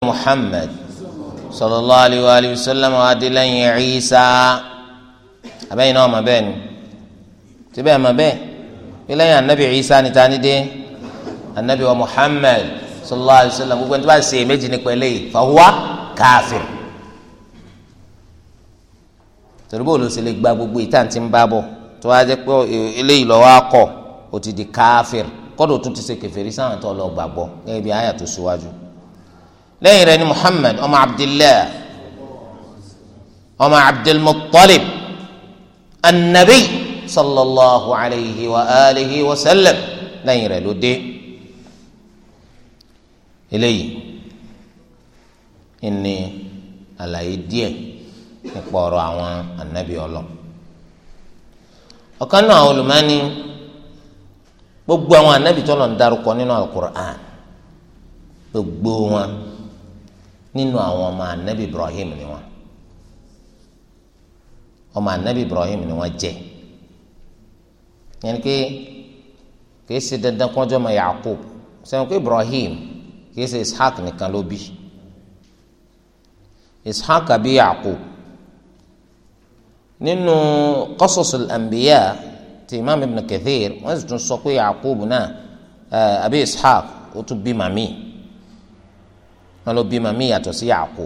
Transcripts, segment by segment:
muhammad sallallahu alayhi wa alayhi wa sallam wa adilẹyin Isa abẹ́yìn náà ọmọ bẹ́ẹ̀ ni síbẹ̀ ọmọ bẹ́ẹ̀ ilẹ̀yìn anabi Isa ni tani dé anabi wa muhammad sallallahu alayhi wa sallam gbogbo ẹni tó bá ṣe méjì ní pẹ̀lẹ́ yìí fahuwa kafir tẹ̀lébó ló ṣe lè gba gbogbo ìtàn tí ń bá bọ̀ tó wá jẹ́ pé eléyìí lọ́wọ́ akọ ó ti di kafir kọ́dọ̀ tún ti ṣe kèfèrí sáwọn tó lọ gbàgbọ́ gẹ́gẹ́ bí àyà tó ṣíwájú lẹ́yìn rẹ̀ ni muhammad ọmọ abdillah ọmọ abdulmuttalib anabi sallallahu alayhi wa alihi wa sallam lẹ́yìn rẹ̀ ló dé eléyìí ìní àlàyé díẹ̀ nípa ọ̀rọ̀ àwọn anabi ọlọ ọ̀kan náà olùmọ́ni gbogbo àwọn anabi tó lọ darúkọ nínú alukur'an gbogbo wọn nínú àwọn ọmọ anabi ibrahim ni wọn ọmọ anabi ibrahim ni wọn jẹ yẹn ni pé kìí ṣe dandan kọjọ ọmọ yaakub sẹ́wọ̀n pé ibrahim kìí ṣe ishaq nìkan ló bí ishaq àbí yaakub nínú qasasul anbiya ti imam ibn kathir wọ́n sì tún sọ pé yaakub náà àbí ishaq ó tún bí màmí wọn ló bímọ mí yàtọ̀ sí yàkó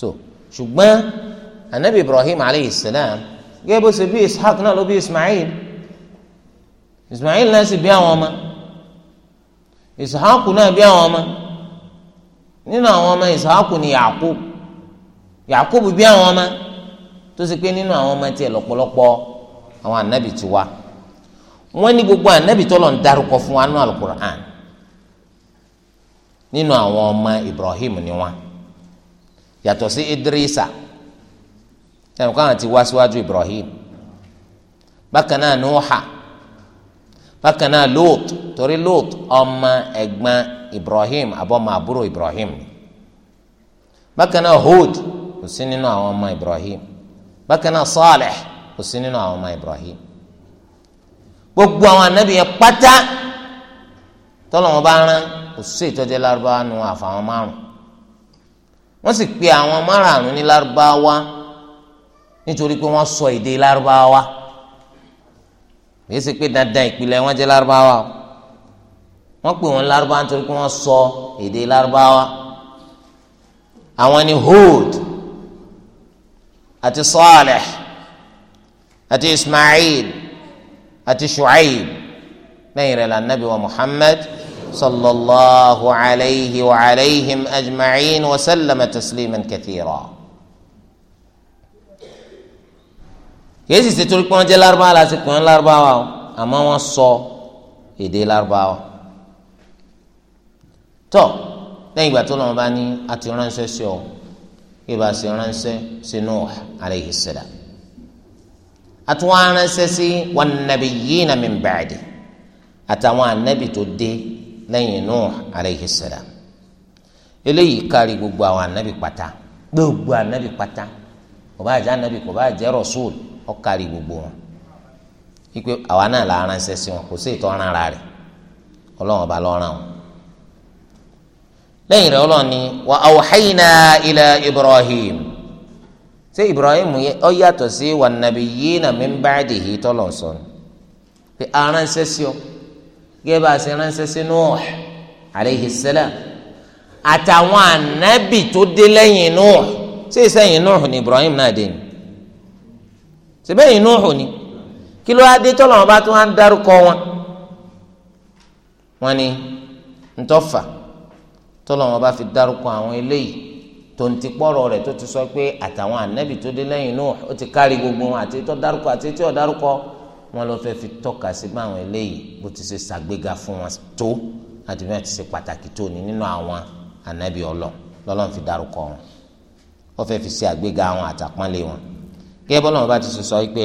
so ṣùgbọ́n anabi ibrahim aleyhi salam gẹ́gẹ́ bó ṣe bí ishaq náà ló bí ismail ismail náà sì bí àwọn ọmọ ishaq náà bí àwọn ọmọ nínú àwọn ọmọ ishaq ni yàkó yàkó bí àwọn ọmọ tó ṣe pé nínú àwọn ọmọ tiẹ̀ lọ́pọ̀lọpọ̀ àwọn anabi ti wá wọ́n ní gbogbo anabi tọ́lọ̀ ń darúkọ fún wa nínú alukur'an nínú àwọn ọmọ Ibrahim ni wọn yàtọ̀ sí Idrisa ẹnì kan àti wá síwájú Ibrahim bákan náà Nuha bákan náà Lot torí Lot ọmọ ẹ̀gbọ́n Ibrahim abọ́mọ àbúrò Ibrahim bákan náà Hud kò sí nínú àwọn ọmọ Ibrahim bákan náà Saleh kò sí nínú àwọn ọmọ Ibrahim gbogbo àwọn anabi yẹn pátá tọ́lọ́mọba rán kò sí ìtọ́jẹ́ lárúbáwá nu àfàwọn márùn wọ́n sì pe àwọn márààrún ní lárúbáwá nítorí pé wọ́n sọ èdè lárúbáwá èyí sì pé dandan ìpìlẹ̀ wọn jẹ́ lárúbáwá wọ́n pè wọ́n lárúbáwá nítorí pé wọ́n sọ èdè lárúbáwá àwọn ni Hud àti Saleh àti Ismail àti Shu'aib lẹ́yìn rẹ̀ la wa Muhammad. صلى الله عليه وعليهم أجمعين وسلم تسليما كثيرا kèésì sì torí pé wọn jẹ lárúbáwá la sì pè wọn lárúbáwá o àmọ́ wọn sọ èdè lárúbáwá tọ lẹ́yìn ìgbà tó lọ́wọ́ bá ní àti ránṣẹ́ sí ọ kí bá sì sí Nuh alayhi salam àtúwọ̀n ránṣẹ́ sí wan nabiyyina min ba'di àtàwọn ànábì tó dé lẹ́yìn Nuh alayhi salam eléyìí kárí gbogbo àwọn anabi pátá gbogbo anabi pátá kò bá jẹ́ anabi kò bá jẹ́ rasul ó kárí gbogbo wọn ipe àwa náà la ránṣẹ́ sí wọn kò sí ìtọ́ ran ara rẹ̀ ọlọ́run ọba ló wọn. lẹ́yìn rẹ̀ ọlọ́run ni wa awhayna ila Ibrahim ṣé Ibrahim ó yàtọ̀ sí wan nabiyyina min ba'dihi tọ́lọ̀ sọ ni pé aránṣẹ́ sí ọ. gẹ́gẹ́ bá a ṣe ránṣẹ́ sí Nuh aleyhi àtàwọn ànábì tó dé lẹ́yìn Nuh ṣé ìsẹ́yìn Nuh ni Ibrahim náà dé ni ṣèbẹ́yìn Nuh ni kí ló wá dé tọ́lọ̀ wọn bá tún wá ń dárúkọ wọn wọn ni ntọ́fà fi dárúkọ àwọn eléyìí ti sọ pé àtàwọn anabi tó dé gbogbo àti tó dárúkọ àti dárúkọ wọn lọ fẹ́ fi tọ́ka sí báwọn eléyìí bó ti ṣe ṣàgbéga fún wọn tó àti bí wọn ti ṣe pàtàkì tó ní nínú àwọn ànábì ọlọ lọ́lọ́run fi dárúkọ wọn wọn fẹ́ fi ṣe àgbéga àwọn àtàpọ́nlé wọn gẹ́gẹ́ bọ́lá wọn bá ti sọ pé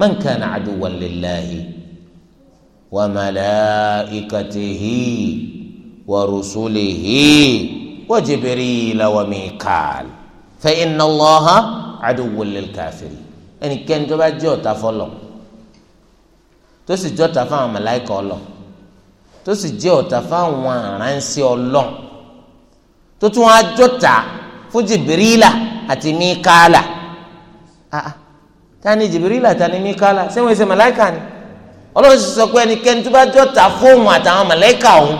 man kana aduwan lillahi wa malaikatihi wa rusulihi wa jibril wa mikal fa inna allaha aduwan lil kafiri ẹnikẹ́ni tó bá jẹ́ ọ̀tá fọlọ́ọ̀ tó sì jọta fáwọn màláìkà ọlọ tó sì jẹ́ ọ̀tá fáwọn aránṣẹ́ ọlọ tó tún wá jọta fún jìbìrìlà àti míkàlà ah ta ni jìbìrìlà ta ni míkàlà sẹ́wọ̀n ẹsẹ̀ màláìkà ni ọlọ́run sì sọ pé ẹnikẹ́ni tó bá jọta fóun àtàwọn màláìkà ọ̀hún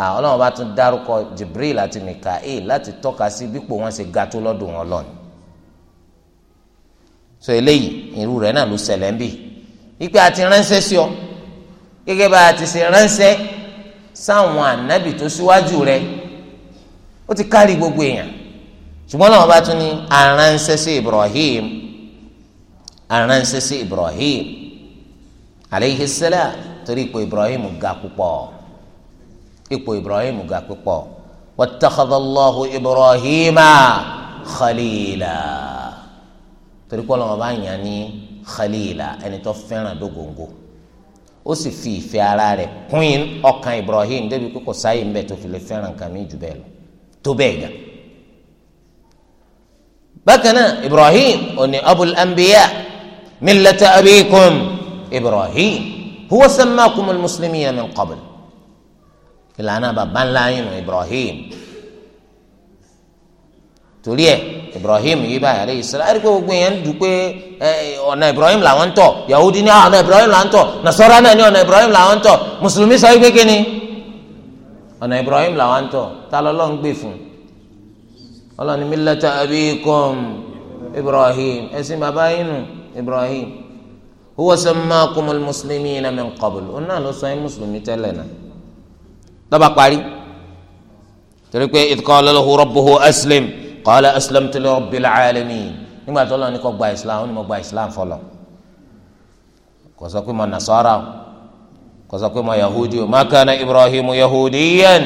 ah ọlọ́run bá tún dárúkọ jìbìrìlà àti míkàlà láti tọ́ka sí bípò wọn ṣe ga tó lọ́dọ̀ wọn lọ́ni so eléyìí irú rẹ̀ náà ló ṣẹlẹ̀ ń bì ìpè àti ránṣẹ́ sí ọ gẹ́gẹ́ bá a ti ṣe ránṣẹ́ sáwọn ànábì tó síwájú rẹ ó ti kárí gbogbo èèyàn ṣùgbọ́n náà wọ́n bá tún ní aránṣẹ́ sí Ibrahim aránṣẹ́ sí Ibrahim aleyhi salam torí ipò Ibrahim ga púpọ̀ ipò Ibrahim ga púpọ̀ wattakhadallahu Ibrahima khalila torí pé bá yàn ní. khalila ẹni tó fẹ́ràn dógóńgó ó sì fi ìfẹ́ ara rẹ̀ kún ọkàn Ibrahim débi pé kò sáyé ńbẹ tó fi lè fẹ́ràn kàmí jù bẹ́ẹ̀ lọ tó bẹ́ẹ̀ gà bákan náà Ibrahim òní abul anbiya milata abikun Ibrahim huwa kumul al-muslimina min qabl ìlànà bàbá ńlá yìí nù Ibrahim torí ẹ̀. ibrahim yìí báyìí alayhi salam ẹ̀rí pé gbogbo yẹn ń dùn pé ọ̀nà ibrahim làwọn ń tọ̀ yahudi ní ah, ọ̀nà ibrahim làwọn ń tọ̀ nasara náà ní ọ̀nà ibrahim làwọn ń tọ̀ mùsùlùmí sọ wípé kíni ọ̀nà ibrahim làwọn ń tọ̀ ta lọ́lọ́ ń gbè fún ọlọ́ni millata abikum ibrahim ẹ̀sìn bàbá yín nù ibrahim huwa sammakumul muslimina min qabl òun náà ló sọ yín mùsùlùmí tẹ́lẹ̀ náà lọ́ba parí torí pé idh qala lahu rabbuhu qala aslamtu li rabbil alamin nígbà tó lọ́wọ́ ní kó gba islam ó ní mo gba islam fọlọ́ kò sọ pé mo nasara kò sọ pé mo yahudi o ma kana ibrahim yahudiyan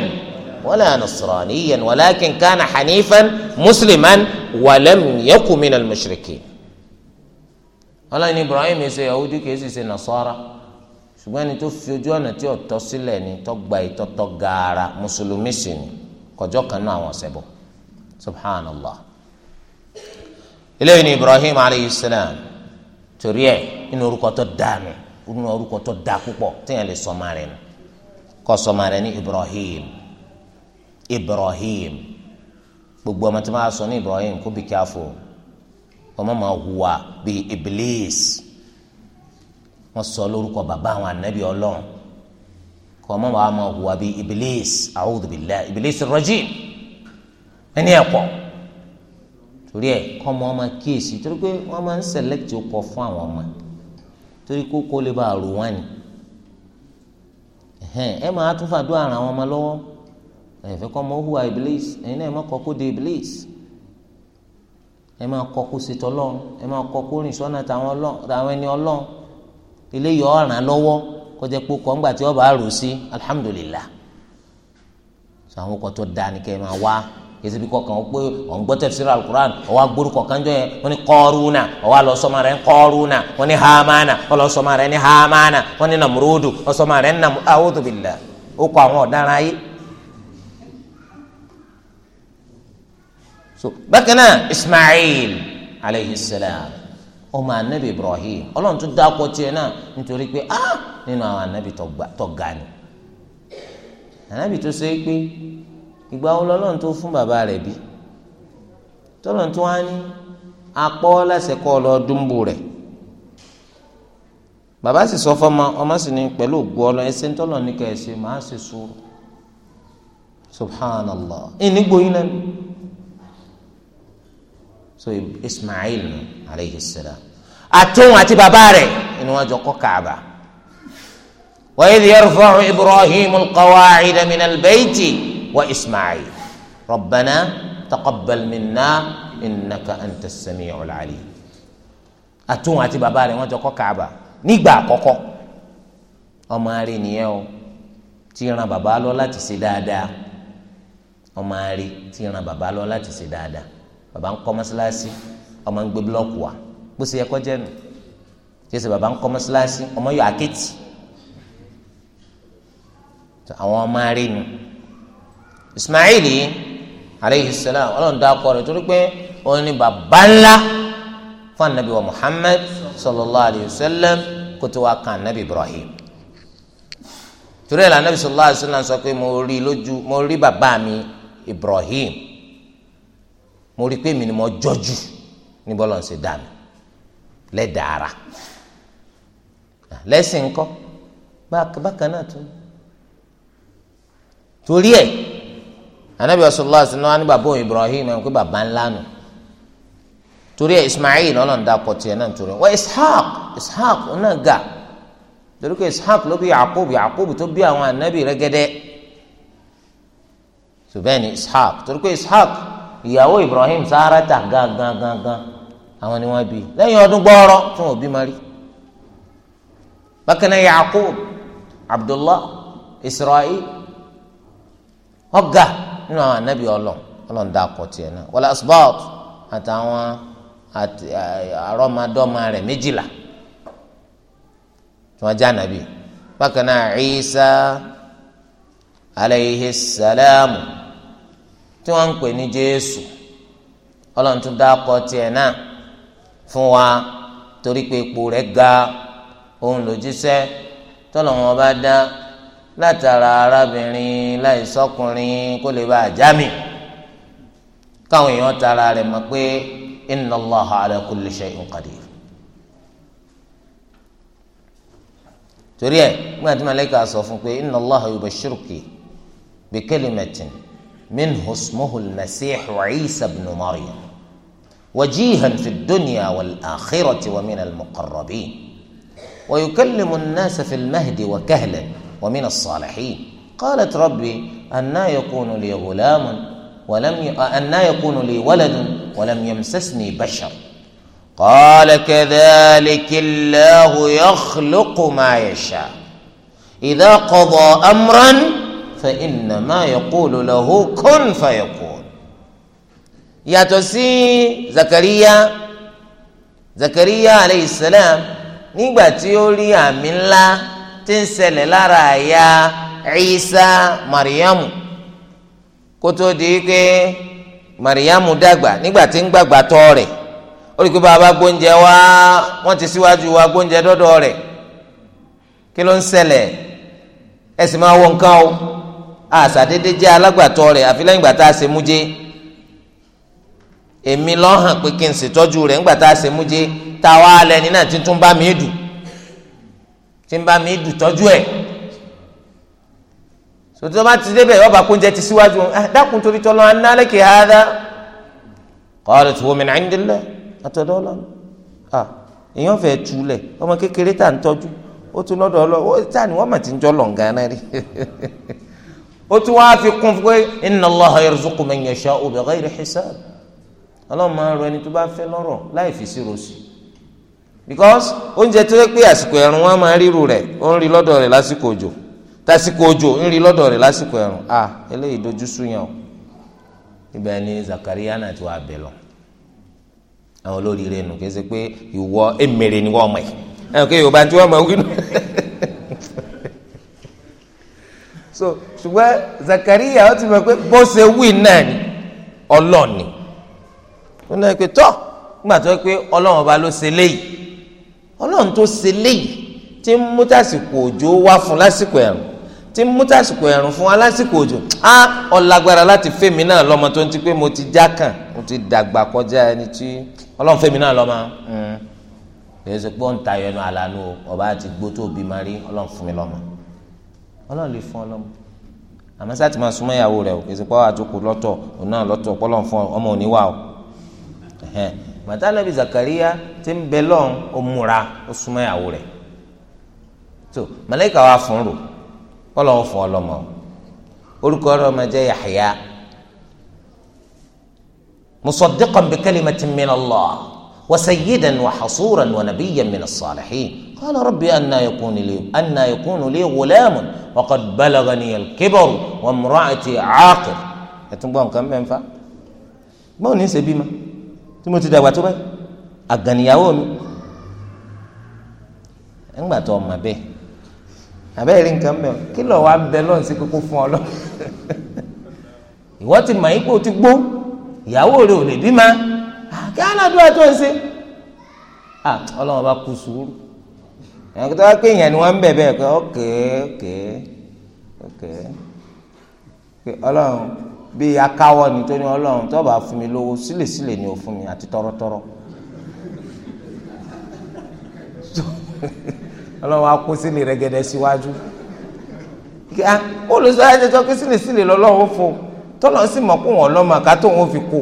wala nasraniyan walakin kana hanifan musliman walam yakun minal mushrikin ọlọ́ni ibrahim ṣe yahudi kì í sì ṣe nasara ṣùgbọ́n ẹni tó fi ojú ọ̀nà tí ọ̀tọ́ sílẹ̀ ni tó gba ìtọ́tọ́ gaara mùsùlùmí sì ni kọjọ́ kan náà àwọn ọ̀sẹ̀ bọ̀. سبحان الله. ni إبراهيم عليه السلام تريه إنه inú orúkọ إنه dànù inú orúkọ tó dà إبراهيم، إبراهيم. lè sọmọ rẹ̀ nù kọ sọmọ rẹ̀ ní ibrahim ibrahim gbogbo ọmọ tí wọn sọ ní ibrahim kó bí káfọ ọmọ máa hùwà bíi iblis wọn sọ lórúkọ bàbá àwọn anabi Ọlọ́run kọ ọmọ máa hùwà bíi iblis a'udhu billahi iblis rajim ẹni ẹ̀pọ̀ torí ẹ̀ kọ́ ọmọ ọmọ kíyèsí torí pé wọ́n máa ń select ọkọ̀ fún àwọn ọmọ torí kókó lè bá rò wọ́n ni ẹ máa tún fàdúrà ràn àwọn ọmọ lọ́wọ́ ẹ̀fẹ́ kọ́ ọmọ hùwà iblis ẹ̀yin ẹ má kọ́ kó de iblis ẹ máa kọ́ kó ṣètò ọlọ́run ẹ máa kọ́ kó rìn sọ́nà táwọn ẹni ọlọ́run eléyìí ọ̀ràn lọ́wọ́ kọjá pé kọ́ ńgbà tí ọba rò sí alhamdulillah sọ àwọn ọkọ̀ tó dáa ni kẹ́ ẹ máa wá kìsì bí kọkàn pé òun gbọ́ tafsir alukur'an ọwọ́ agbórúkọ kanjọ yẹn wọ́n ní kọ́ọ̀rùnà ọwọ́ alọ́ sọmọ rẹ̀ ń kọ́ọ̀rùnà wọ́n ní hamana ọlọ́ sọmọ rẹ̀ ní hamana wọ́n ní namurudu ọsọmọ rẹ̀ ń namu a'udhu billah ó kọ àwọn ọ̀daràn ayé. so bákan náà Ismail alayhi salam ọmọ anabi Ibrahim ọlọ́run tún dákọ̀ tiẹ̀ náà nítorí pé ah nínú àwọn anabi tó ga anabi tó ṣe pé ìgbà wo lọ́lọ́run tó fún bàbá rẹ̀ bí tọ́lọ́run tó wá ní apọ́ láṣẹ kọ́ ọ lọ dúnbò rẹ̀ bàbá sì sọ fọmọ ọmọ sì ní pẹ̀lú ògbó ọlọ ẹsẹ̀ ńtọ́lọ́ ní ká ẹsẹ̀ máa ṣe sùúrù subhanallah ìní gbóyin náà so Ismail alayhi salam àtúnwò àti bàbá rẹ̀ ni wọ́n jọ kọ́ Kaaba. وإذ يرفع إبراهيم القواعد من البيت وإسماعيل ربنا تقبل منا إنك أنت السميع العليم àtúnwò àti bàbá rẹ̀ wọ́n jọ kọ́ Kaaba nígbà àkọ́kọ́ ọmọ àrí nìyẹn o tí ran bàbá lọ láti ṣe dáadáa ọmọ àrí tí ran bàbá lọ láti ṣe dáadáa bàbá ń kọ́ mọ́sálásí ọmọ ń gbé búlọ́ọ̀kù wa bó ṣe yẹ kọ́ jẹ́ nù tí ṣe bàbá ń kọ́ mọ́sálásí ọmọ yọ àkẹ́tì àwọn ọmọ àrí nù ismaili aleyhi salam ọlọ́run dá akọ rẹ̀ torí pé òun ni bàbá ńlá fún anabi wa muhammad sallallahu alayhi wa sallam kó tó wá kan anabi ibrahim torí ẹ̀ la anabi sallallahu alayhi wa sallam sọ pé mo rí lójú mo rí bàbá mi ibrahim mo rí pé mi ni mo jọjú ní bọ́lá ṣe dá mi lẹ́dàára lẹ́sìn ńkọ́ bákan náà tó torí ẹ̀ anabi sallallahu alaihi wasallam ní bàbá ibrahim ẹni pé bàbá ńlá nù torí ẹ ismail ọlọ́run dàpọ̀ tiẹ̀ náà torí wọ́n ishaq ishaq ọ̀nà ga torí pé ishaq ló bí yaakub yaakub tó bí àwọn anabi rẹ́gẹ́dẹ́ ṣùgbọ́n ní ishaq torí pé ishaq ìyàwó ibrahim sárátà gangan gangan àwọn ni wọ́n bí lẹ́yìn ọdún gbọ́ọ́rọ́ tí wọ́n mari bákan náà yaakub abdullah israel ọ̀gá. nínú àwọn anabi ọlọ Ọlọ́run dá akọ tiẹ náà wọlé asbọt àtàwọn àrọmọdọ́mọ rẹ̀ méjìlá tí wọn já anabi bákan náà Isa aleyhi salamu tí wọn ń pè ní Jésù Ọlọ́run tún dá akọ tiẹ náà fún wa torí pé ipò rẹ̀ ga òun lòjíṣẹ́ tọlọ wọn bá dá. látara arábìnrin láì sọkùnrin kó lè bá a jámì káwọn èèyàn tara rẹ̀ mọ̀ pé iná lọ ha Allah kò lè ṣe nkàdé. torí ẹ̀ gbọ́dọ̀ tí màlẹ́ ká sọ fún pé inna Allah yubashshiruki bi kalimatin minhu ismuhu al-masih Isa ibn Maryam wajihan fi dunya wal akhirati wa min al-muqarrabin wa yukallimu an-nasa fi al-mahdi wa kahlan. ومن الصالحين قالت ربي أنا يكون لي غلام ولم ي... أنا يكون لي ولد ولم يمسسني بشر قال كذلك الله يخلق ما يشاء إذا قضى أمرا فإنما يقول له كن فيكون يا تسي زكريا زكريا عليه السلام tí ó من لا tí ń ṣẹlẹ̀ lára àyà Isa Mariamu kótó di pé Mariamu dàgbà nígbà tí ń gbàgbà tọ́ rẹ̀ ó rí i pé bàbá gbóúnjẹ wá wọ́n ti síwájú wa gbóúnjẹ dọ́dọ̀ rẹ̀ kí ló ń ṣẹlẹ̀ ẹ sì máa wọ nǹkan o àṣàdédé jẹ́ alágbàtọ́ rẹ̀ àfi lẹ́yìn ìgbà tá a ṣe mú jẹ́ èmi lọ́hàn pé kí n ṣètọ́jú rẹ̀ ńgbà tá a ṣe mú jẹ́ táwa alẹ́ ní náà tuntun bá mi dùn tí ń bá mi dùn tọ́jú ẹ̀ sòtítọ́ bá ti débẹ̀ ọba kóúnjẹ ti síwájú ah, dákun torí tọ́lọ́ análẹ́kẹ̀ hádá kọ́ọ̀dù tó wọ́n mi náà ń délẹ̀ àtọ̀dọ́ ọlọ́run à ah, èèyàn fẹ́ túlẹ̀ ọmọ kékeré tà ń tọ́jú ó tún lọ́dọ̀ ọlọ́run tá ni wọ́n mà ti ń jọ lọ̀ǹgà náà rí ó tún wáá fi kún pé inna Allaha yarzuqu man yasha'u bighayri hisab ọlọ́run máa ń rọ ẹni tó bá fẹ́ lọ́rọ̀ láì fi sí rosì because oúnjẹ tó yẹ pé àsìkò ẹ̀rùn wọn máa ríru rẹ̀ ó ń rí lọ́dọ̀ rẹ̀ lásìkò òjò tásìkò òjò ń rí lọ́dọ̀ rẹ̀ lásìkò ẹ̀rùn à eléyìí dojú súnyàn o ibẹ̀ ni Zakaria náà ti wà bẹ̀ lọ àwọn olóríire nù kí ẹ ṣe pé ìwọ emèrè ni wọ́n mọ̀ ẹ̀ ẹ̀ ẹ̀ kí Yorùbá tí wọ́n mọ̀ wí nù so ṣùgbọ́n Zakaria ó ti mọ̀ pé bó ṣe wí náà ni ọlọ́ọ̀ni ó náà pé tọ́ nígbà pé ọlọ́wọ́n ọba ló ṣe léyìí ọlọ́run tó ṣe léyìí tí ń mú tásìkò òjò wá fún lásìkò ẹ̀rùn tí ń mú tásìkò ẹ̀rùn fún wa lásìkò òjò á ọ̀làgbára láti fẹ́mi náà lọ́mọ tó ń ti pé mo ti já kàn mo ti dàgbà kọjá ẹni tí ọlọ́run fẹ́mi náà lọ́mọ hmm. kìí ṣe pé ó ń ta ẹnu àlànà o ọba àti gbó tó bí ma rí ọlọ́run fún mi lọ́mọ ọlọ́run lè fún ọ lọ́mọ àmọ́ sáàtì máa súnmọ́ ìyàwó rẹ o kìí gbàtà nàbí Zakaria ti ń bẹ lọ́n òmùra ó súnmọ́ ìyàwó rẹ̀ tó màláíkà wa fún rò kọ́lọ́ fún ọlọ́mọ orúkọ rẹ̀ ọmọ jẹ́ Yahya musaddiqan bi kalimatin min Allah wa sayyidan wa hasuran wa nabiyyan min as-salihin qala rabbi anna yakunu li anna yakunu li ghulamun wa qad balaghani al-kibar wa imra'ati 'aqir ẹ̀ tún gbọ́ nǹkan mẹ́fà gbọ́n ní í ṣe bímọ. tí mo ti dàgbà tó báyìí àgànnìyàwó mi ńgbà tó ọmọ bẹ́ẹ̀ àbẹ́ẹ̀ rí nǹkan mẹ́ọ̀ kí lọ́ọ́ wá bẹ lọ́n sí kókó fún ọ lọ ìwọ ti mọ̀ ipò ti gbó ìyàwó rẹ ò lè bímọ kí aládùúgbò tó ń ṣe ọlọ́run bá kú sùúrù ẹ̀yìn kí tó wá pé èèyàn ni wọ́n ń bẹ̀ bẹ́ẹ̀ pé ọ̀kẹ́ ọ̀kẹ́ ọ̀kẹ́ ọlọ́run bí akáwọ́ ni tó ní ọlọ́run tó bá fún mi lówó sílẹ̀sílẹ̀ ni ò fún mi àti tọrọtọrọ ọlọ́run á kó sílẹ̀ rẹ́gẹ́dẹ́ síwájú olùsọ ayẹyẹ sọ pé sílẹ̀sílẹ̀ lọ́lọ́run fún tọ́lọ́ sì mọ̀ kó wọn lọ́mọ ká tó wọn fi kó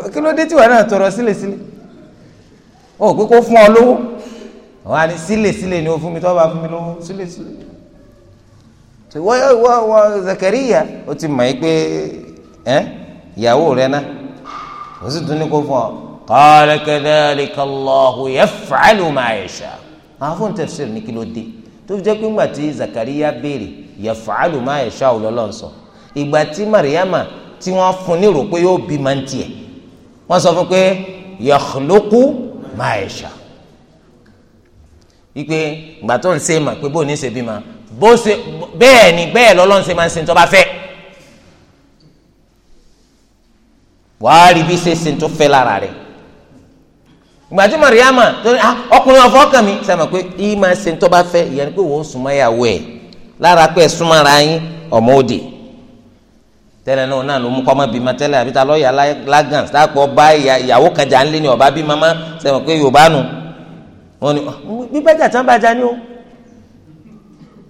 kí ló dé tiwọn náà tọrọ sílẹ̀sílẹ̀ ó kó fún ọ lówó wọn á ní sílẹ̀sílẹ̀ ni ò fún mi tó bá fún mi lówó sílẹ̀sílẹ̀ so wọ́n wọ́n wọ́n Zakariya ó ti mọ̀ yìí pé ẹ́ ìyàwó rẹ náà ó sì tún ní kó fún ọ qala kadhalika Allahu yaf'alu ma yasha àfọ̀n tafsir ní kí dé tó fi jẹ́ pé ńgbà tí Zakariya béèrè yaf'alu ma yasha òlọ́lọ́sọ ìgbà tí Mariama tí wọ́n fún ní rò pé yóò bí máa ń tiẹ̀ wọ́n sọ fún pé yakhluqu ma yasha wípé ìgbà tó ń ṣe mà pé bóun ní ṣe bí ma bó ṣe bẹ́ẹ̀ ni bẹ́ẹ̀ lọ́lọ́run ṣe máa ń ṣe tó bá fẹ́ wàá rí bí ṣe ṣe tó fẹ́ lára rẹ̀ ìgbà tí Mariama tó ní ah, ọkùnrin ọ̀fọ́kàn mi sàmà pé yìí máa ṣe tó bá fẹ́ ìyẹn pé wọ́n súnmọ́ ìyàwó ẹ̀ lára pé súnmọ́ ara yín ọmọ òde tẹ́lẹ̀ náà náà ló mú kọ́mọ́ bímọ tẹ́lẹ̀ àbí lọ́ọ̀yà bá ìyàwó ńlẹ́ pé Yorùbá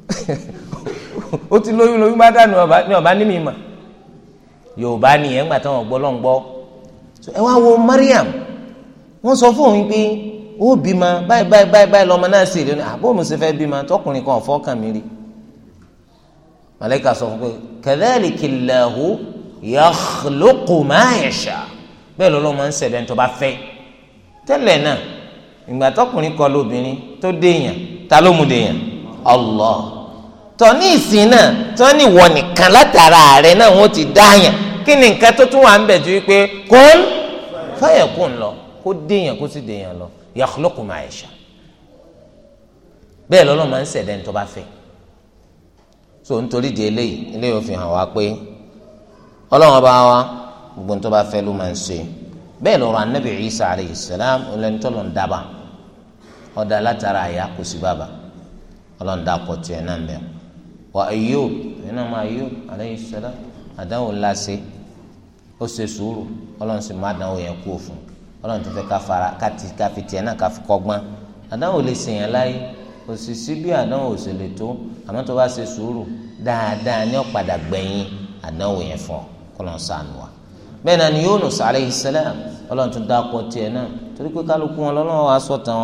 ó ti lóyún lóyún bá dànù ní ọba ní mi mà yorùbá nìyẹn gbà táwọn gbọ́ lọ́n gbọ́ ẹ wá wo Mariam wọ́n sọ fún òun pé ó bímọ báyìí báyìí báyìí báyìí lọ́mọ náà sì rí ọ àbó mi sì fẹ́ bímọ tọkùnrin kan ọ̀fọ́ kàn rí màlẹ́kà sọ fún pé kadhalika Allahu yakhluqu ma bẹ́ẹ̀ lọ́lọ́ máa ń ṣẹ̀dá ní tó fẹ́ tẹ́lẹ̀ náà ìgbà tọkùnrin kọ lóbìnrin tó déèyàn ta ló mú déèyàn Allah tọ́ni ìsìn náà tọ́ni ìwọ nìkan látara rẹ̀ náà wọ́n ti dáyàn kí ni nǹkan tó tún wà ń bẹ̀ ju wípé kún fayakun lọ kó déyàn kó sì déyàn lọ yakhluqu ma yasha bẹ́ẹ̀ lọ́lọ́ máa ń ṣẹ̀dá ní bá fẹ́ so nítorí di eléyìí eléyìí ò fi hàn wá pé ọlọ́run bá wa gbogbo ní tó bá fẹ́ ló máa ń ṣe bẹ́ẹ̀ lọ́rọ̀ anabi isa aleyhi salam ọlọ́ni tó lọ́n dábàá ọ̀dà látara ọlọ́run dá akọ̀ tiẹ̀ náà mẹ́rin. wà Ayub nínú ọmọ Ayub alayhi salam àdánwò ńlá ṣe ó ṣe sùúrù ọlọ́run sì má yẹn kú òfun ọlọ́run náà láyé bí ò sì lè tó tó bá dáadáa ní ọ̀padà gbẹ̀yìn yẹn ọ sànù wa. náà ni tún dá náà torí pé kálukú wọn wọn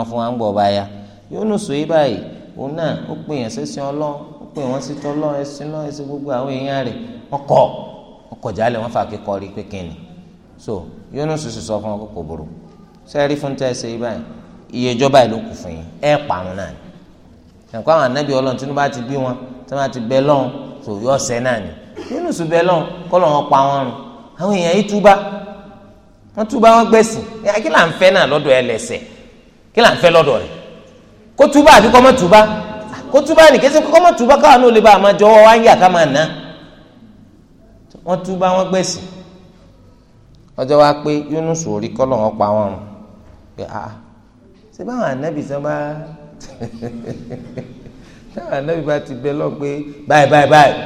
fún wa ń báyà yìí báyìí òun náà ó pè pè wọ́n sí tọ́lọ́ ẹ̀sìn náà ẹ̀sìn gbogbo àwọn èèyàn rẹ̀ wọ́n kọ̀ wọ́n kọ̀ jálẹ̀ fà kíkọ́ rí pé kíni so Yunus sì sọ fún wọn kókò burú sẹ́ẹ̀rí fún tẹ́ ẹ ṣe báyìí iye ìjọba ìlú kù fún yín ẹ̀ parun náà ni ẹ̀kọ́ àwọn anábì ọlọ́run tí wọ́n bá ti bí wọn tí wọ́n ti bẹ lọ́hùn tó yọ ọ̀sẹ̀ náà ni Yunus bẹ lọ́hùn kọ́ lọ́wọ́ pa wọn rùn àwọn èèyàn yìí túbá wọ́n túbá wọn gbẹ̀sìn kí là ń fẹ́ náà lọ́dọ̀ ẹlẹ́sẹ̀ kí là ń fẹ́ lọ́dọ̀ rẹ̀ kó túbá àbí mọ́ túbá kó túbá ní kése kó má túbá káwọn náà lè bá àmà jọwọ́ wá ń yà ká máa ná wọ́n túbá wọ́n gbẹ̀sìn ọjọ́ wa pé Yunus orí kọ́lọ̀ wọn pa wọn rùn pé a ṣe báwọn ànábì sọ bá táwọn ànábì bá ti bẹ lọ pé báyìí báyìí báyìí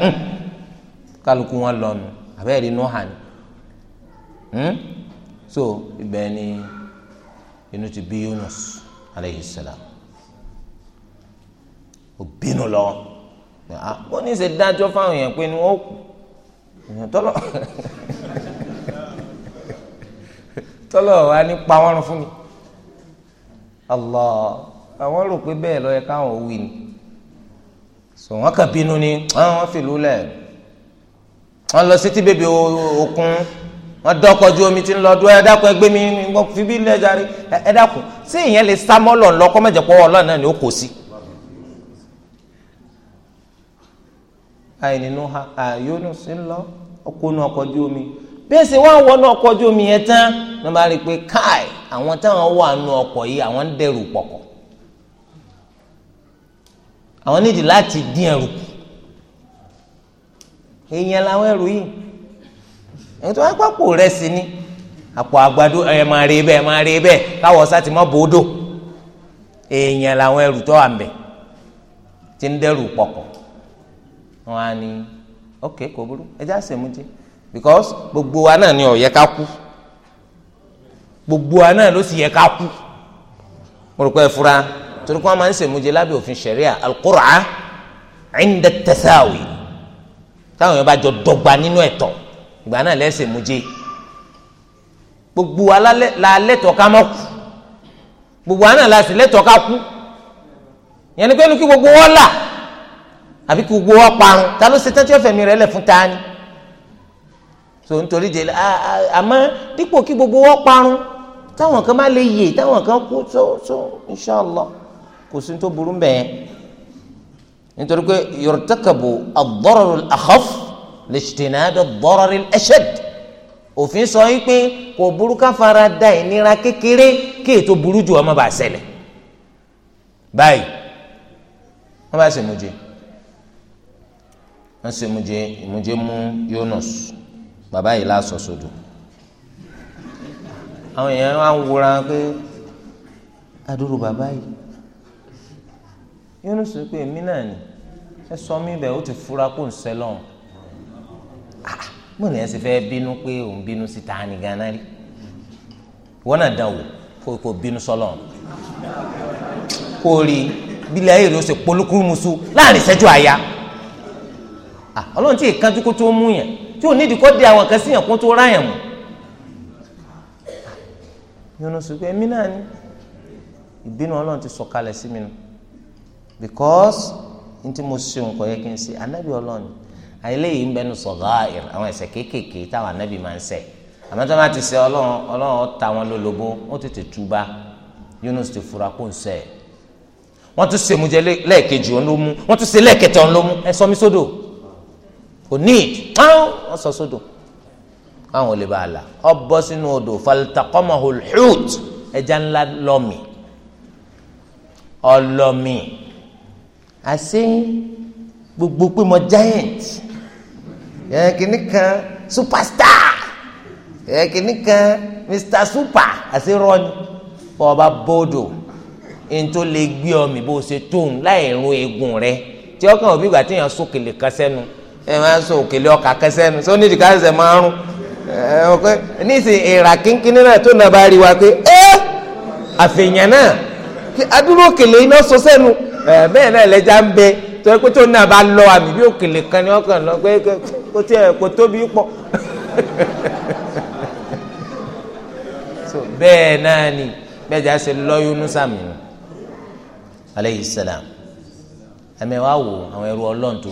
kálukú wọn lọnu àbẹ́rẹ́ inú hàn ní so ibẹ̀ ni inú ti bí Yunus aleyhi salam òbínú lọ bó ah, ní ṣe dájọ́ fáwọn èèyàn pé ni wọ́n kù èèyàn tọ́lọ̀ tọ́lọ̀ wa ní pa wọ́n fún mi Allah àwọn rò pé bẹ́ẹ̀ ló yẹ káwọn ò wí ni sọ wọn kàn bínú ni wọn fìlú lẹ̀ wọn lọ sí tí bèbè òkun wọn dọkọ ju omi tí ń lọ dúró ẹ dákun ẹgbẹ́ mi fi bí lẹjarí ẹ sí ìyẹn lè sá mọ́ lọ lọ kọ náà ni ó kò sí. àìnínú ha àyónú sí lọ ọkọnú ọkọ̀ ojú omi bẹ́ẹ̀ sì wọ́n wọnú ọkọ̀ ojú omi yẹn tán ní wọ́n bá rí i pé káì àwọn táwọn wà nú ọkọ̀ yìí àwọn ń dẹrù pọ̀kọ̀ àwọn nídi láti dín ẹrù kù èèyàn làwọn ẹrù yìí ètò àpapọ̀ rẹ̀ sí ni àpò àgbàdo ẹ máa rí bẹ́ẹ̀ máa rí bẹ́ẹ̀ káwọ́ ọ̀sá ti mọ́ bòódò èèyàn làwọn ẹrù tó wà ń bẹ̀ ti ń dẹrù pọ̀kọ̀ wọn á ní ok kò burú ẹjẹ àṣemújẹ because gbogbo wa náà ni ó yẹ ká kú gbogbo wa náà ló sì yẹ ká kú mo rò pé ẹ fura torí kí wọn máa ń ṣèmújẹ lábẹ́ òfin ṣẹ̀ríà alukóra ẹ̀ńdẹ tẹ̀sáwì táwọn yẹn bá jọ dọ́gba nínú ẹ̀tọ́ ìgbà náà lẹ́sẹ̀ mújẹ gbogbo wa la lẹ́tọ̀ ká má kú gbogbo wa náà la sì lẹ́tọ̀ ká kú yẹn ni pé kí gbogbo wọn là àbí kí gbogbo wa parun ta ló ṣetán tí ó fẹ̀mí rẹ̀ lẹ̀ fún ta so nítorí délé àmọ́ dípò kí gbogbo wa parun táwọn kan má lè yè táwọn kan kú so so inshàlá kò sí tó burú bẹ́ẹ̀ nítorí pé yurtakabu ad-darar al-akhaf li-ijtinab ad-darar òfin sọ yìí pé kò burú ká fara da ìnira kékeré kí ètò burú jù ọmọ bá ṣẹlẹ̀ báyìí wọ́n bá ṣe mú jẹ́ wọ́n sì mújẹ ìmújẹ mú Yunus bàbá yìí lásọ sódò àwọn èèyàn wá ń wúra pé adúrú bàbá yìí pé èmi náà ni ẹ sọ mí bẹ́ẹ̀ ó ti fura kó ń sẹ́ lọ́hùn mo ah, ní ẹ sì fẹ́ bínú pé òun bínú sí ta ni rí wọn náà dàn kó kó bínú sọlọ ọlọ́run tí ìkanjú kó tó mú yàn tí ò nídìí kó di àwọn kan sí yàn kó tó ráyàn mọ́ yọ̀nà ṣùgbọ́n èmi náà ni ìbínú ọlọ́run ti sọ̀kalẹ̀ sí mi nù because n tí mo ṣe nǹkan yẹ kí n ṣe anábì ọlọ́run àìléyìí ń bẹnu sọ̀gáìr àwọn ẹ̀ṣẹ̀ kéékèèké táwọn anábì máa ń ṣẹ̀ àmọ́ tó bá ti ṣe ọlọ́run ọlọ́run ó ta wọn lólobó ó tètè túbá Yunus ti fura kó ń ṣẹ̀ wọ́n tún ṣèmújẹ lẹ́ẹ̀kejì òun ló mú wọ́n tún ṣe lẹ́ẹ̀kẹta òun ló mú ẹ sọ mi sódò kò ní ìtàn wọn sọ sódò káwọn ò lè bá a la ọ bọ́ sínú odò faltakọ́mọ̀hó hùt ẹja ńlá lọ́mì ọlọ́mì àṣé gbogbo pé mo giant yẹn kìíní kan superstar yẹn kìíní kan mr super àṣé rọ́ọ̀nì bọ́ ọba bọ́ọ̀dọ̀ ntó lè gbé ọmì bó ṣe tóun láì rún eegun rẹ tí ọkàn òbí gbà téèyàn sókè lè kan ẹ máa ń sọ òkèlè ọkà kẹsẹ́ nu sọ nídìí káṣẹ̀ṣẹ̀ máa ń rún ẹ ọkọ níìsín ìrà kínkínní náà tó nàbà rí wa pé ẹ àfihàn náà adúrú òkèlè iná sọ sẹ́nu ẹ bẹ́ẹ̀ náà lẹ́jà ń bẹ tó ẹ pé tó náà bá lọ àmì bí òkèlè kan ní ọkàn lọ pé kó tí ẹ kó tóbi pọ̀ náà ni bẹ́ẹ̀ jà ṣe lọ Yunus sàmì aleyhi salam ẹ̀mẹ̀ wa wo àwọn ẹrú ọlọ́run tó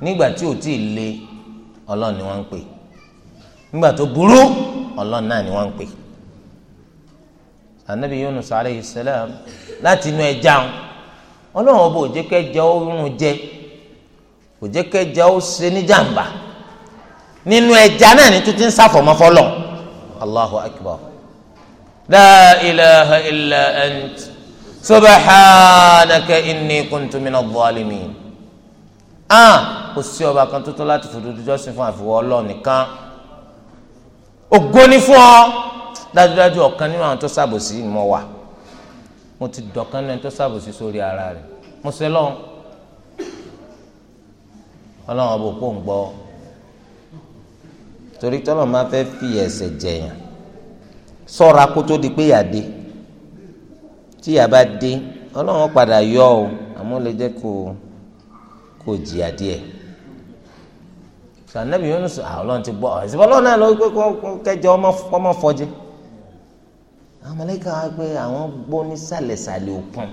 nígbà tí ò tí ì le ọlọ́run ni wọ́n ń pè nígbà tó burú ọlọ́run náà ni wọ́n ń pè anabi yunus alayhi salam láti inú ẹja ń ọlọ́run ọba òjẹ́ kẹjẹ ó rún jẹ òjẹ́ kẹjẹ ó ṣe níjàmbá nínú ẹja náà ni tuntun sáfọmọ fọlọ allahu akbar la ilaha illa ant subhanaka inni kuntu minadh-dhalimin ah, kò sí ọba kan tó tọ́ láti fòdodo jọ́sìn fún àfiwọ́ ọlọ́ọ̀ nìkan ògo ni fún ọ dájúdájú ọ̀kan nínú àwọn tó ṣàbòsí ni mo wà mo ti dọ̀kan nínú ẹni tó ṣàbòsí sórí ara rẹ̀ mo ṣe lọ́hùn ọlọ́run ọba òpó ń gbọ́ torí tọ́lọ̀ máa fẹ́ fi ẹ̀ṣẹ̀ jẹ̀yàn sọ́ra kó tó di pé yà dé tí yà bá dé ọlọ́run padà yọ ọ àmọ́ lè jẹ́ kó kó jìyà díẹ̀ sànẹ́bí Yunus ah, ọlọ́run ti gbọ́ ẹ̀sìn ọlọ́run náà ló pé kẹjọ ọmọ fọjẹ àwọn mọ̀lẹ́kà wá pé àwọn gbọ́ ní sàlẹ̀sàlẹ̀ òkun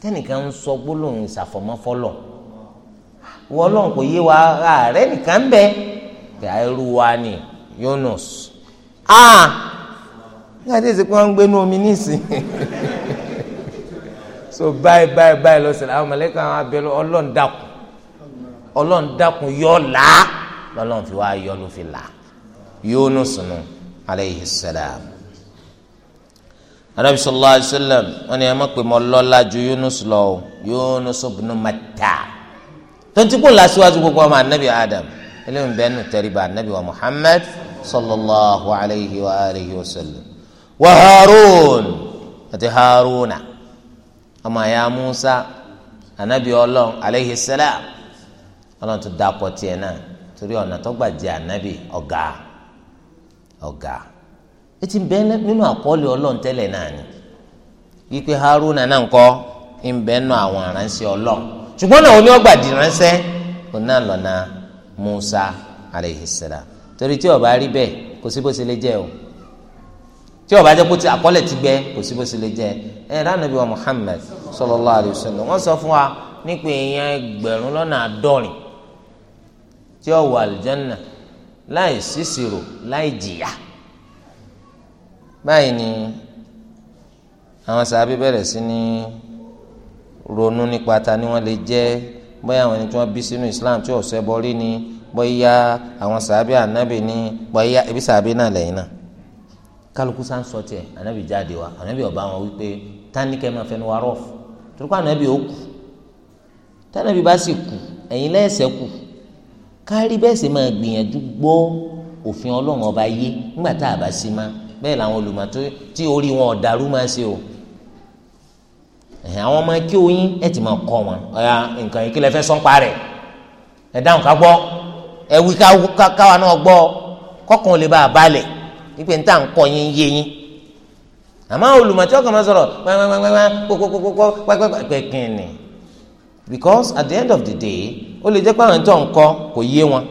tẹ́nìkan ń sọ gbólóhùn ìsàfọ̀mọ́fọ́lọ̀ wọ́n ọlọ́run kò yé wa ààrẹ nìkan ń bẹ kí àìrú wa ni Yunus a nígbà tí èsì pé wọ́n ń gbénú omi nísìnyí so báyìí báyìí báyìí lọ sílẹ̀ àwọn malika wọn abẹ́lẹ́ ọlọ́run dákun ọlọ́run dákun yọ̀ làá lọ́lọ́run fi wá yọnu fi là Yunus nù aleyhi salam anabi sallallahu alayhi wa sallam wọn ni ẹ má pè mọ lọ́lá ju Yunus lọ o Yunus ibn Matta tonti kò la síwájú gbogbo ọmọ anabi Adam eléyìí bẹ́ẹ̀ nù tẹríba anabi wa Muhammad sallallahu alayhi wa alihi wa sallam wa Harun àti Haruna ọmọ ya Musa anabi Ọlọ́run aleyhi salam Ọlọ́run tó dapọ̀ tiẹ̀ náà. torí ọ̀nà tó gbà jẹ́ ànábì ọ̀gá ọ̀gá ẹ ti bẹ nínú àkọọ́lẹ̀ ọlọ́run tẹ́lẹ̀ náà ni wípé haruna náà ń kọ́ ń bẹ nù àwọn aránṣẹ́ ọlọ́run ṣùgbọ́n náà ọgbà ránṣẹ́ lọ́nà musa aleyhisselam torí tí ọba rí o ti àkọọ́lẹ̀ ti gbẹ kò sí bó ṣe lè jẹ́ ẹ ránàbí wa sọ fún wa nípa èèyàn ẹgbẹ̀rún lọ́nà tí ó wọ àlùjánà láì sísìrò láì jìyà báyìí ni àwọn sàbí bẹ̀rẹ̀ sí ní ronú nípa ta ni wọ́n lè jẹ́ bóyá àwọn ẹni tí wọ́n bí sínú Islam tí ò ṣẹbọ rí ni bóyá àwọn sàbí ànábì ni bóyá ibi sàbí náà lẹ́yìn náà kálukú sá ń sọ tiẹ̀ ànábì jáde wa ànábì ọba wọn wípé táníkẹ́ máa fẹ́ nu wa rọ́ọ̀fù torí pé ànábì ó kù tánábì bá sì kù ẹ̀yin lẹ́sẹ̀ kù kárí bẹ́ẹ̀ sì máa gbìyànjú gbọ́ òfin ọlọ́run ọba yé nígbà tá a bá sí ma bẹ́ẹ̀ làwọn olùmọ̀ tí orí wọn ọ̀dàrú máa ṣe o àwọn ọmọ kí oyin ẹ ti máa kọ wọn ọ̀ya nǹkan yìí kí lẹ fẹ́ sọ́npa rẹ̀ ẹ dáhùn ká gbọ́ ẹ wí káwa náà gbọ́ kọ́kàn lè bá a balẹ̀ wípé níta ń kọ́ yín yé yín àmọ́ olùmọ̀ tí ọkàn máa sọ̀rọ̀ pẹ́ẹ́pẹ́ẹ́pẹ́ẹ́pẹ́ kókókókó pẹ́ẹ́pẹ́ẹ́pẹ́ kí ni. because at the end of the day ó lè jẹ́ pé àwọn tó ń kọ́ kò yé wọn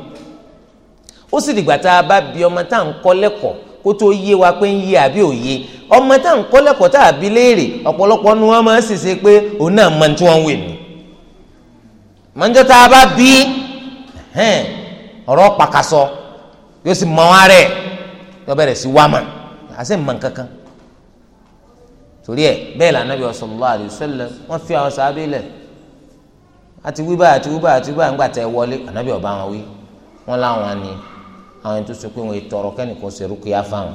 ó sì dìgbà tá a bá bi ọmọ tá à ń kọ́ lẹ́kọ̀ọ́ kó tó yé wa pé ń yé àbí ò yé ọmọ tá à ń lẹ́kọ̀ọ́ tá a bi léèrè ọ̀pọ̀lọpọ̀ ni wọ́n máa ń ṣèṣe pé òun náà mọ tí wọ́n wè ní. mọ̀njọ́ tá a bá bí ọ̀rọ̀ pàkàsọ yóò sì mọ ara ẹ̀ yóò bẹ̀rẹ̀ sí mà kankan torí àti wíbà àti wíbà àti wíbà ńgbà tẹ wọlé ànábì ọba wọn wí wọn láwọn ni àwọn ètò sọ pé wọn tọrọ kẹ́nìkan ṣe rúkìá fáwọn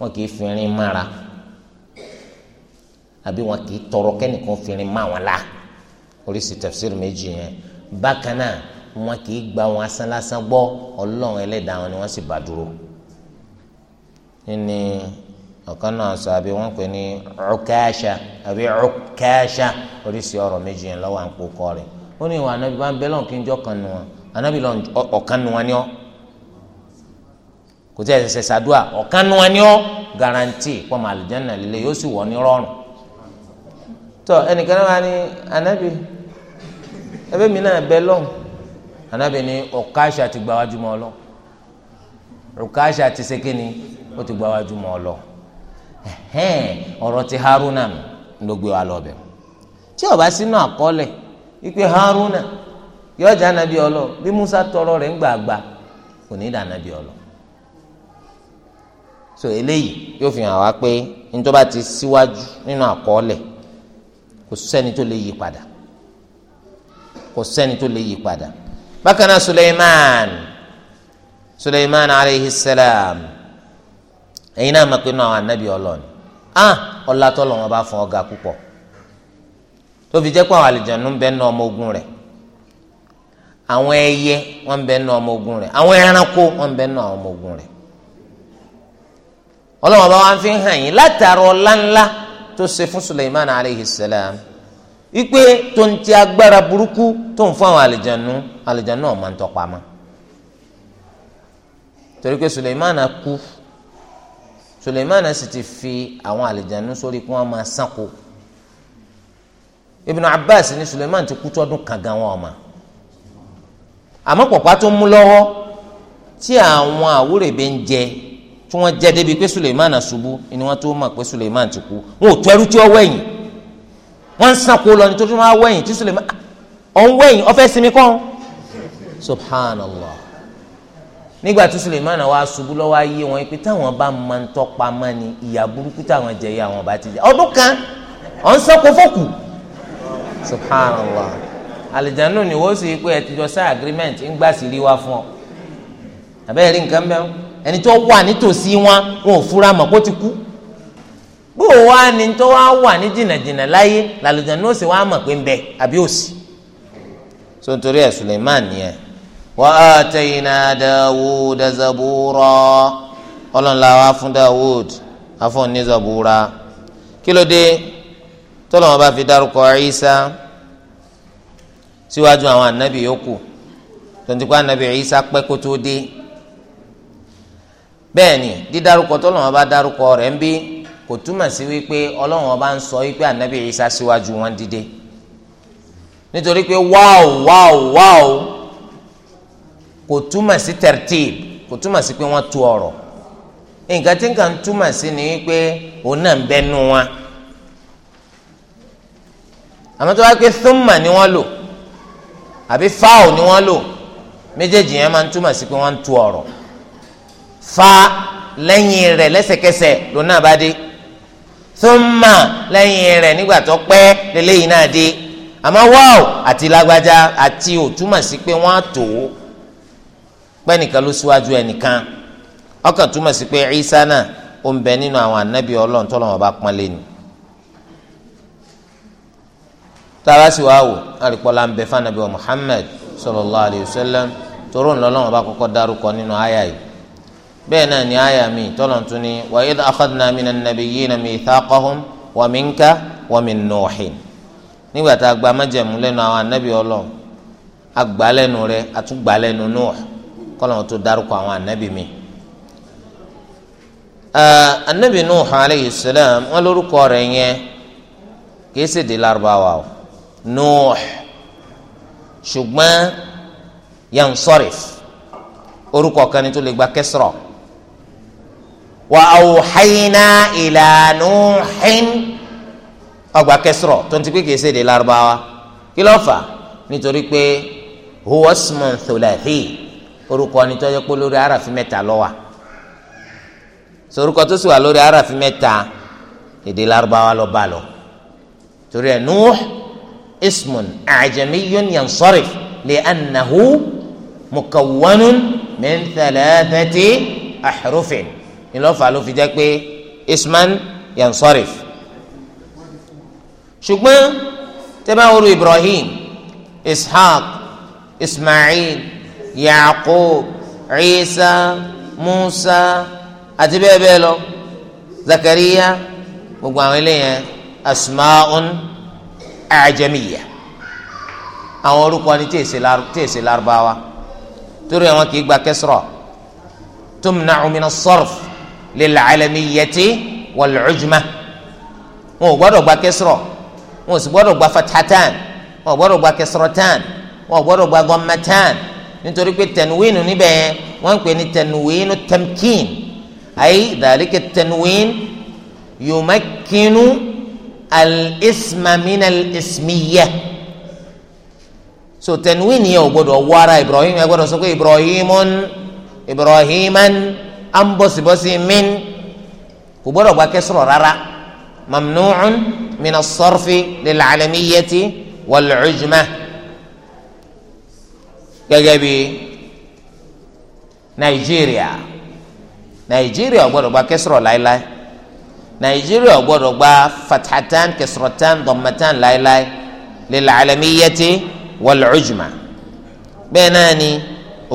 wọn kì í fìrin mára àbí wọn kì í tọrọ kẹ́nìkan fìrin má wọn la oríṣi tafsir méjì yẹn bákan náà wọn kì í gba wọn asán lásán gbọ́ ọlọ́run ẹlẹ́dàá wọn ni wọ́n sì bá dúró ọ̀kan náà sọ àbí wọ́n pè ní Ukasha àbí Ukasha oríṣi ọ̀rọ̀ méjì yẹn lọ́wọ́ à ń kó kọ́ rẹ̀ ó ní ìwà anábì bá ń bẹ́ lọ́n kí n jọ́ kan nù wọn anábì lọ́n ọ̀kan nù wọn ni ọ́ kò tí ẹ̀ ṣẹ̀ṣẹ̀ ṣàdúà ọ̀kan nù wọn ni ọ́ garanti pọ́nmọ́ àlùjáná líle yóò sì wọ̀ ní rọrùn tọ ẹnìkan náà wà ní anábì ẹbí mi náà bẹ́ lọ́n anábì ní Ukasha ti gbáwájú mọ́ ọ Ukasha ti ṣe kíni ẹhẹn ọ̀rọ̀ ti haruna ló gbé wa lọbẹ tí ó bá sínú àkọọ́lẹ̀ wípé haruna yóò jẹ ọlọ bí musa tọrọ rẹ ń gbàgbà kò ní dà anabi ọlọ so eléyìí yóò fi hàn wá pé nítorí ti síwájú nínú àkọọ́lẹ̀ kò sẹ́ni tó lè yí padà kò sẹ́ni tó lè yí padà bákan náà suleiman suleiman aleyhi salam. ẹ̀yin náà mọ̀ pé náà anabi ọlọ́ọ̀ni á ọlá tọ́lọ̀ wọn bá fún ọ̀gá púpọ̀ tó fi jẹ́ pé àwọn ń ọmọ ogun rẹ̀ àwọn ẹyẹ wọn bẹ ọmọ ogun rẹ̀ àwọn ẹranko wọn bẹ ọmọ ogun rẹ̀ ọlọ́wọ́n bá wọn fi hàn yín látàrọ ọláńlá tó ṣe fún Suleiman alayhi salam ikpe tó ń ti agbára burúkú tó ń fún àwọn ń suleimana sì ti fi àwọn àlìjánu sórí kí wọn máa sanko ibn abbas ní suleiman ti kú tọdún kan gan wọn ọmọ àmọ́ pọpá tó mú lọ́wọ́ tí àwọn àwúrẹ̀bẹ̀ ń jẹ tí wọ́n jẹ débi pé suleiman ṣubú ni wọ́n tó mọ̀ pé suleiman ti kú wọn ò tó ẹrú tí ó wẹ̀yìn wọ́n ń sanko lọ nítorí wọ́n á wẹ̀yìn tí suleiman ọ̀ ń wẹ̀yìn ọ fẹ́ sinmi kọ́ subhanallah nígbà tí Suleiman wa ṣubú lọ́wọ́ ayé wọn pé táwọn bá máa ń tọ́pa mọ́ ni ìyà burúkú táwọn jẹ yà wọn bá ti jẹ ọdún kan ọ̀n sọ́kò fọ́kù subhanallah alìjánu ni wọ́n sì pé ẹ ti jọ sign agreement ń gbà sí rí wa fún ọ àbẹ́rẹ́ rí nǹkan bẹ́ẹ̀ ẹni tó wà nítòsí wọn wọn ò fura mọ̀ kó ti kú bó o wá ni tó wá wà ní jìnnàjìnnà láyé làlùjánu ó sì wá mọ̀ pé ń bẹ àbí òsì so nítorí ẹ̀ Suleiman yẹn وآتينا داود زبورا ọlọ́run la wá fún Dawud afọ́n ní zabura kí ló dé tọ́lọ́wọ́n bá fi dárúkọ Isa síwájú àwọn anabi yòókù tontigbọ́ anabi Isa pẹ́ kó tó dé bẹ́ẹ̀ ni dídárúkọ tọ́lọ́wọ́n bá dárúkọ rẹ̀ ń bí kò túmọ̀ sí wípé ọlọ́wọ́n bá ń sọ wípé anabi Isa síwájú wọn dìde nítorí pé wáò wáò wáò. Wow, wow, wow kò túmọ̀ sí tertib kò túmọ̀ sí pé wọ́n tu ọ̀rọ̀ nǹkan tí nǹkan túmọ̀ sí ni pé òun náà ń bẹnu wọn àmọ́ tó wá pé thumma ni wọ́n lò àbí fáwọ̀ ni wọ́n lò méjèèjì yẹn máa ń túmọ̀ sí pé wọ́n ń tu ọ̀rọ̀ fa lẹ́yìn rẹ̀ lẹ́sẹ̀kẹsẹ̀ lòun náà bá dé thumma lẹ́yìn rẹ̀ nígbà tó pẹ́ lélẹ́yìn náà dé àmọ́ wáò àti lágbájá àti òtúmọ̀ sí pé wọ́n á tò pẹ́nìkan ló síwájú ẹnìkan ọkàn túmọ̀ sí pé Ìsá náà ó ń bẹ nínú àwọn ànábì ọlọ́run tó lọ́wọ́ bá pọ́n lé ni tààrà sì wá wò àríkọ́lá ń bẹ fànàbí wa Muhammad sallallahu alayhi wa sallam toró ńlọ́lọ́wọ́ bá kọ́kọ́ dárúkọ nínú àyà yìí bẹ́ẹ̀ náà ni àyà mi tọ́lọ̀n tún ni wa idh akhadna minan nabiyyina mithaqahum wa minka wa min Nuhin nígbà tá a gba májẹ̀mú lẹ́nu àwọn ànábì ọlọ́run a gbà lẹ́nu rẹ̀ a tún gbà lẹ́nu Nuh kọlọ́n tó dárúkọ àwọn anabi mi. anabi nuuhu alayhi salam wọn lórúkọ rẹ̀ yẹn kìí sì di Lárúbáwá o nuuh ṣùgbọ́n yansorif orúkọ kan ní tó lè gba kẹsìrọ wa awuhayina ila nuuhin ọgbà kẹsìrọ tó ń ti pé kìí di Lárúbáwá kí ló fà nítorí pé huwa ismun orúkọ ni tó yẹ pé lórí arafi mẹ́ta ló wà sorúkọ tó sì wà lórí arafi mẹ́ta èdè Lárúbáwá ló bá lọ torí ẹ Nuh ismun ajamiyun yansorif li annahu mukawwanun min thalathati ahrufin ìlọ́fà ló fi jẹ́ pé isman yansorif ṣùgbọ́n tẹ́bá wọ́n ru Ibrahim Ishaq Ismail. Yaqub Isa Musa àti bẹ́ẹ̀ bẹ́ẹ̀ lọ Zakariya gbogbo àwọn eléyẹn asmaun ajamiya àwọn orúkọ ni tí èsè Lárúbáwá torí àwọn kì í gba kẹsìrọ tumna'u min as-sarf lil'alamiyyati wal-'ujma wọn ò gbọ́dọ̀ gba kẹsìrọ wọn ò sì gbọ́dọ̀ gba fatahatan wọn ò gbọ́dọ̀ gba kẹsìrọtan wọn ò gbọ́dọ̀ gba gọmatan nítorí pé tẹnuwíìnù níbẹ̀ yẹn wọ́n ń pè ní tẹnuwíìnù tamkin ayé dhalika tẹnuwíìn yumakkinu al-isma min al so tẹnuwíìnù yẹn ò gbọdọ̀ wọ ara ibrahim ẹ gbọdọ̀ sọ pé ibrahimun ibrahiman ambosibosi min kò gbọdọ̀ gba kẹsọ̀rọ̀ rárá mamnuun min as-sarfi lil gẹ́gẹ́ bí nàìjíríà nàìjíríà ọgbọ́dọ̀ gba kẹsìrọ̀ láéláé nàìjíríà ọgbọ́dọ̀ gba fatahatan kẹsìrọ̀tan dọ̀mọ̀tan láéláé lílà àlàmíyẹ́tì wọlọ́ọ̀jùmá bẹ́ẹ̀ náà ni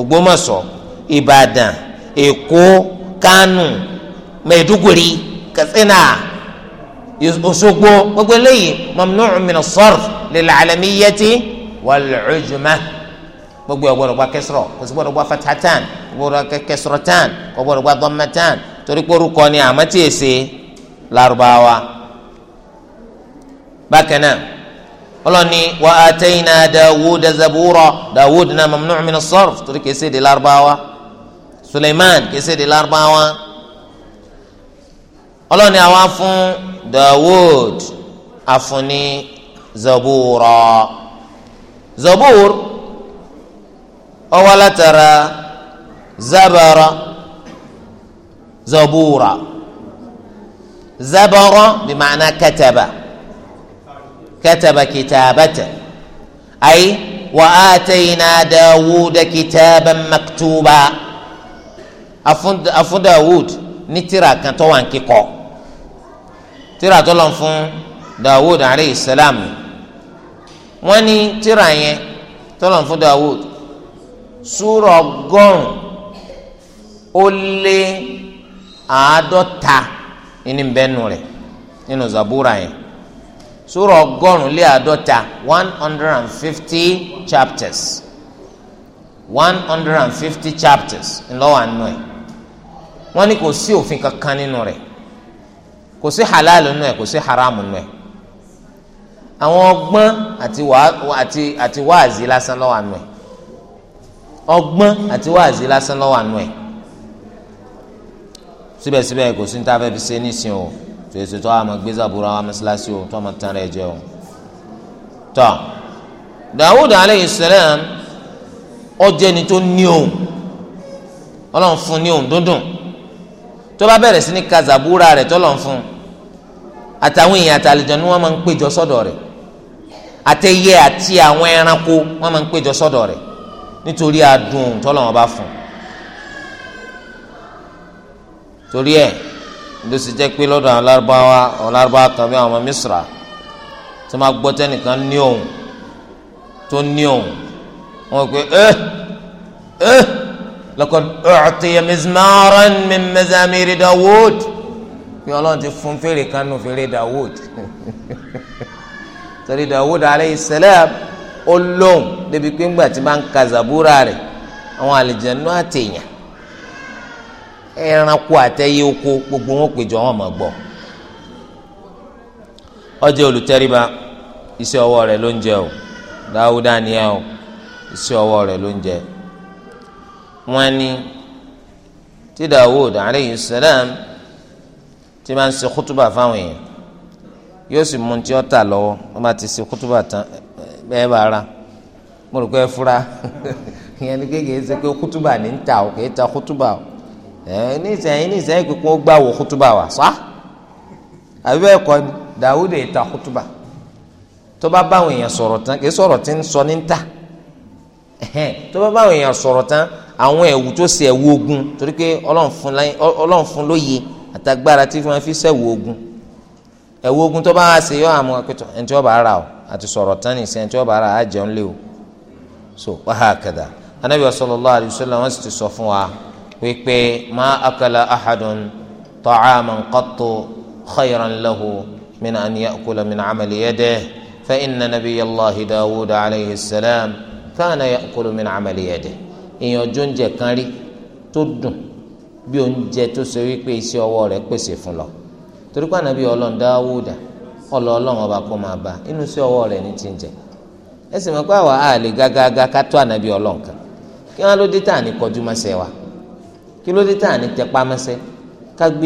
ògbómọ̀ṣọ́ ìbàdàn èkó kánò mẹ́ẹ̀dúgùrì katsina òṣogbo gbogbo eléyìí mamnu'un min as-sarf lílà àlàmíyẹ́tì wọlọ́ọ̀jùmá gbogbo ẹ̀ gbọ́dọ̀ gba kẹsìrọ̀ kò sí gbọ́dọ̀ gba fatatan gbọ́dọ̀ kẹsìrọ̀ tan kò gbọ́dọ̀ gba dọ́mà tan torí pé orúkọ ni àmọ́ tí èsè Lárúbáwá. bákan náà ọlọ́ni wa atayna Dawud zabura Dawud náà mamnu' min as torí kèsè di Lárúbáwá Suleiman kèsè di Lárúbáwá ọlọ́ni àwa fún Dawud àfúnni zabura zabur ọwọ́ látara zabara zabura zabara bí màánà kẹtàbà kẹtàbà kìtàbàtà ayi wà á tẹ̀yìnà dawuda kìtàbà maktuba afún dawud ní tírà kan tó wà ń kíkọ tírà tó lọ fún dawud aleyhi salam wọ́n ní tírà yẹn tó lọ dawud súrà ọgọ́rùn ó lé àádọ́ta ní bẹ́ẹ̀nù rẹ̀ nínú zabura yẹn súrà ọgọ́rùn lé àádọ́ta one hundred and fifty chapters one hundred and fifty chapters ńlọ́wọ́ àánú ẹ̀ wọ́n ní kò sí òfin kankan nínú rẹ̀ kò sí halal nínú ẹ̀ kò sí haram nínú ẹ̀ àwọn ọgbọ́n àti wàásì lásán lọ́wọ́ àánú ẹ̀ ọgbọ́n àti wáàzí lásán lọ́wọ́ àánú ẹ̀ síbẹ̀síbẹ̀ kò sí ní tá a fẹ́ fi ṣe nísìn o tòṣèṣe tó a máa gbé zàbúrò àwọn mọ́ṣáláṣí o tó a máa tán rẹ̀ jẹ o. tọ́ Dawud aleyhi salam ni tó ní òun ọlọ́run fún ní òun dúndùn tó bá bẹ̀rẹ̀ sí ní ka zàbúrà rẹ̀ tọ́lọ́run fún àtàwọn èèyàn àtàlejò ni wọ́n máa ń péjọ sọ́dọ̀ rẹ̀ àtẹ̀yẹ àti àwọn ẹranko wọ́n máa ń péjọ sọ́dọ̀ rẹ̀ nítorí adùn tọ́lọ́wọ́n bá fún torí ẹ̀ ló sì jẹ́ pé lọ́dọ̀ àwọn lárúbáwá àwọn lárúbáwá kan bí àwọn ọmọ Misra tó máa gbọ́ tẹ́nìkan ní òun tó ní òun wọn pe ẹ eh, ẹ eh, laqad u'tiya mizmaran min mazamiri Dawud pé ọlọ́run ti fún fèrè kan fèrè Dawud torí Dawud alayhi salam ó lóhùn débi pé ńgbà tí máa ń ka zabura rẹ̀ àwọn àlìjẹnú àtẹ̀yàn ẹranko àtẹ̀yẹ oko gbogbo wọn péjọ wọn máa gbọ́ ó jẹ́ iṣẹ́ ọwọ́ rẹ̀ ló ń jẹ o dáwúdà ni ẹ o iṣẹ́ ọwọ́ rẹ̀ ló ń jẹ wọn ni tí Dawud aleyhi salam tí máa ń ṣe kútúbà fáwọn èèyàn yóò sì mú tí ó tà lọ́wọ́ wọn bá ti ṣe kútúbà tán bẹ́ẹ̀ bá ra mo rò pé fura ìyẹn ni kéèké ṣe pé kútúbà ní ń ta ò kéè ta kútúbà ò ẹ ní ìsẹ̀yìn ní ìsẹ̀yìn pé kó gbà wò kútúbà wà sá àbí bẹ́ẹ̀ kọ́ Dawud è ta kútúbà tó bá báwọn èèyàn sọ̀rọ̀ tán kì í sọ̀rọ̀ tí ń sọ ní ń ta tó bá báwọn èèyàn sọ̀rọ̀ tán àwọn ẹ̀wù tó ṣe ẹ̀wù ogun torí pé Ọlọ́run fún lóye àtàgbára tí wọ́n fi ṣẹ̀wù ogun ẹ̀wù ogun tó bá wá ṣe yọ àmọ́ ẹ̀ńtí ọba ara o àti sọ̀rọ̀ tán ní sẹ́yìn tí wọ́n bá ra àjẹun lé o so wàhákàdà anabi sallallahu alayhi wa sallam wọ́n sì ti sọ fún wa wípé ma akala ahadun ta'aman qattu khayran lahu min an ya'kula min amali yadihi fa inna nabiyallahi dawud alayhi salam kana ya'kulu min amali yadihi ìyànjú oúnjẹ kan rí tó dùn bí oúnjẹ tó ṣe wípé iṣẹ́ ọwọ́ rẹ̀ pèsè fún lọ torí pé anabi dáwúdà ọlọ Ọlọ́run ọba kó máa bá inú sí ọwọ́ rẹ̀ ní ti ń jẹ ẹ sì mọ̀ pé àwa á lè gágágá ká tó ànábì Ọlọ́run kan kí wọn ló dé tà ní kọjú mọ́sẹ̀ wa kí ló dé tà ní tẹpá mọ́sẹ̀ ká gbé